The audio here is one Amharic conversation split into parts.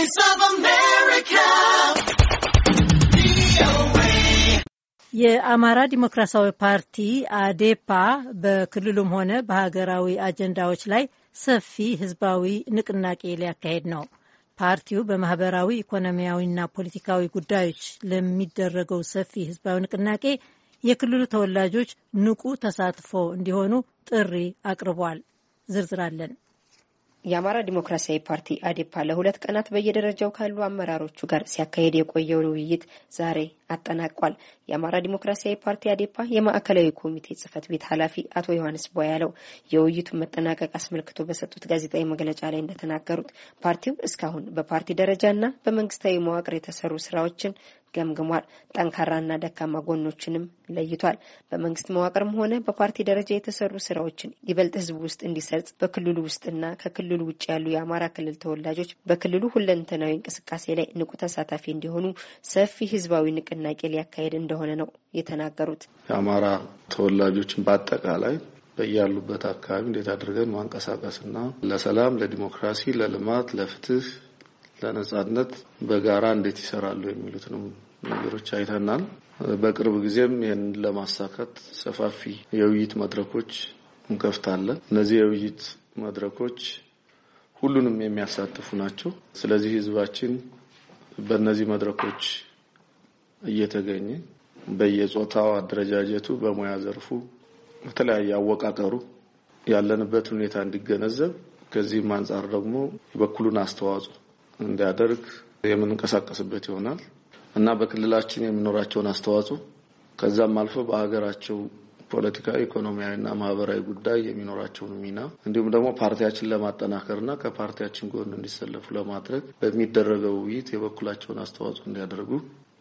Voice of America. የአማራ ዲሞክራሲያዊ ፓርቲ አዴፓ በክልሉም ሆነ በሀገራዊ አጀንዳዎች ላይ ሰፊ ህዝባዊ ንቅናቄ ሊያካሄድ ነው። ፓርቲው በማህበራዊ ኢኮኖሚያዊና ፖለቲካዊ ጉዳዮች ለሚደረገው ሰፊ ህዝባዊ ንቅናቄ የክልሉ ተወላጆች ንቁ ተሳትፎ እንዲሆኑ ጥሪ አቅርቧል። ዝርዝራለን የአማራ ዲሞክራሲያዊ ፓርቲ አዴፓ ለሁለት ቀናት በየደረጃው ካሉ አመራሮቹ ጋር ሲያካሄድ የቆየውን ውይይት ዛሬ አጠናቋል። የአማራ ዲሞክራሲያዊ ፓርቲ አዴፓ የማዕከላዊ ኮሚቴ ጽህፈት ቤት ኃላፊ አቶ ዮሐንስ ቧያለው የውይይቱን መጠናቀቅ አስመልክቶ በሰጡት ጋዜጣዊ መግለጫ ላይ እንደተናገሩት ፓርቲው እስካሁን በፓርቲ ደረጃ ና በመንግስታዊ መዋቅር የተሰሩ ስራዎችን ገምግሟል። ጠንካራና ደካማ ጎኖችንም ለይቷል። በመንግስት መዋቅርም ሆነ በፓርቲ ደረጃ የተሰሩ ስራዎችን ይበልጥ ህዝብ ውስጥ እንዲሰርጽ በክልሉ ውስጥና ከክልሉ ውጭ ያሉ የአማራ ክልል ተወላጆች በክልሉ ሁለንተናዊ እንቅስቃሴ ላይ ንቁ ተሳታፊ እንዲሆኑ ሰፊ ህዝባዊ ንቅናቄ ሊያካሄድ እንደሆነ ነው የተናገሩት። የአማራ ተወላጆችን በአጠቃላይ በያሉበት አካባቢ እንዴት አድርገን ማንቀሳቀስና ለሰላም፣ ለዲሞክራሲ፣ ለልማት፣ ለፍትህ ለነጻነት በጋራ እንዴት ይሰራሉ የሚሉትንም ነገሮች አይተናል። በቅርብ ጊዜም ይህን ለማሳካት ሰፋፊ የውይይት መድረኮች እንከፍታለን። እነዚህ የውይይት መድረኮች ሁሉንም የሚያሳትፉ ናቸው። ስለዚህ ህዝባችን በእነዚህ መድረኮች እየተገኘ በየጾታው አደረጃጀቱ፣ በሙያ ዘርፉ፣ በተለያየ አወቃቀሩ ያለንበት ሁኔታ እንዲገነዘብ ከዚህም አንጻር ደግሞ የበኩሉን አስተዋጽኦ እንዲያደርግ የምንንቀሳቀስበት ይሆናል እና በክልላችን የሚኖራቸውን አስተዋጽኦ ከዛም አልፎ በሀገራቸው ፖለቲካዊ፣ ኢኮኖሚያዊና ማህበራዊ ጉዳይ የሚኖራቸውን ሚና እንዲሁም ደግሞ ፓርቲያችን ለማጠናከር ና ከፓርቲያችን ጎን እንዲሰለፉ ለማድረግ በሚደረገው ውይይት የበኩላቸውን አስተዋጽኦ እንዲያደርጉ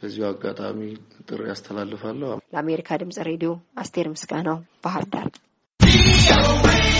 በዚሁ አጋጣሚ ጥሪ ያስተላልፋለሁ። ለአሜሪካ ድምጽ ሬዲዮ አስቴር ምስጋናው ባህር ዳር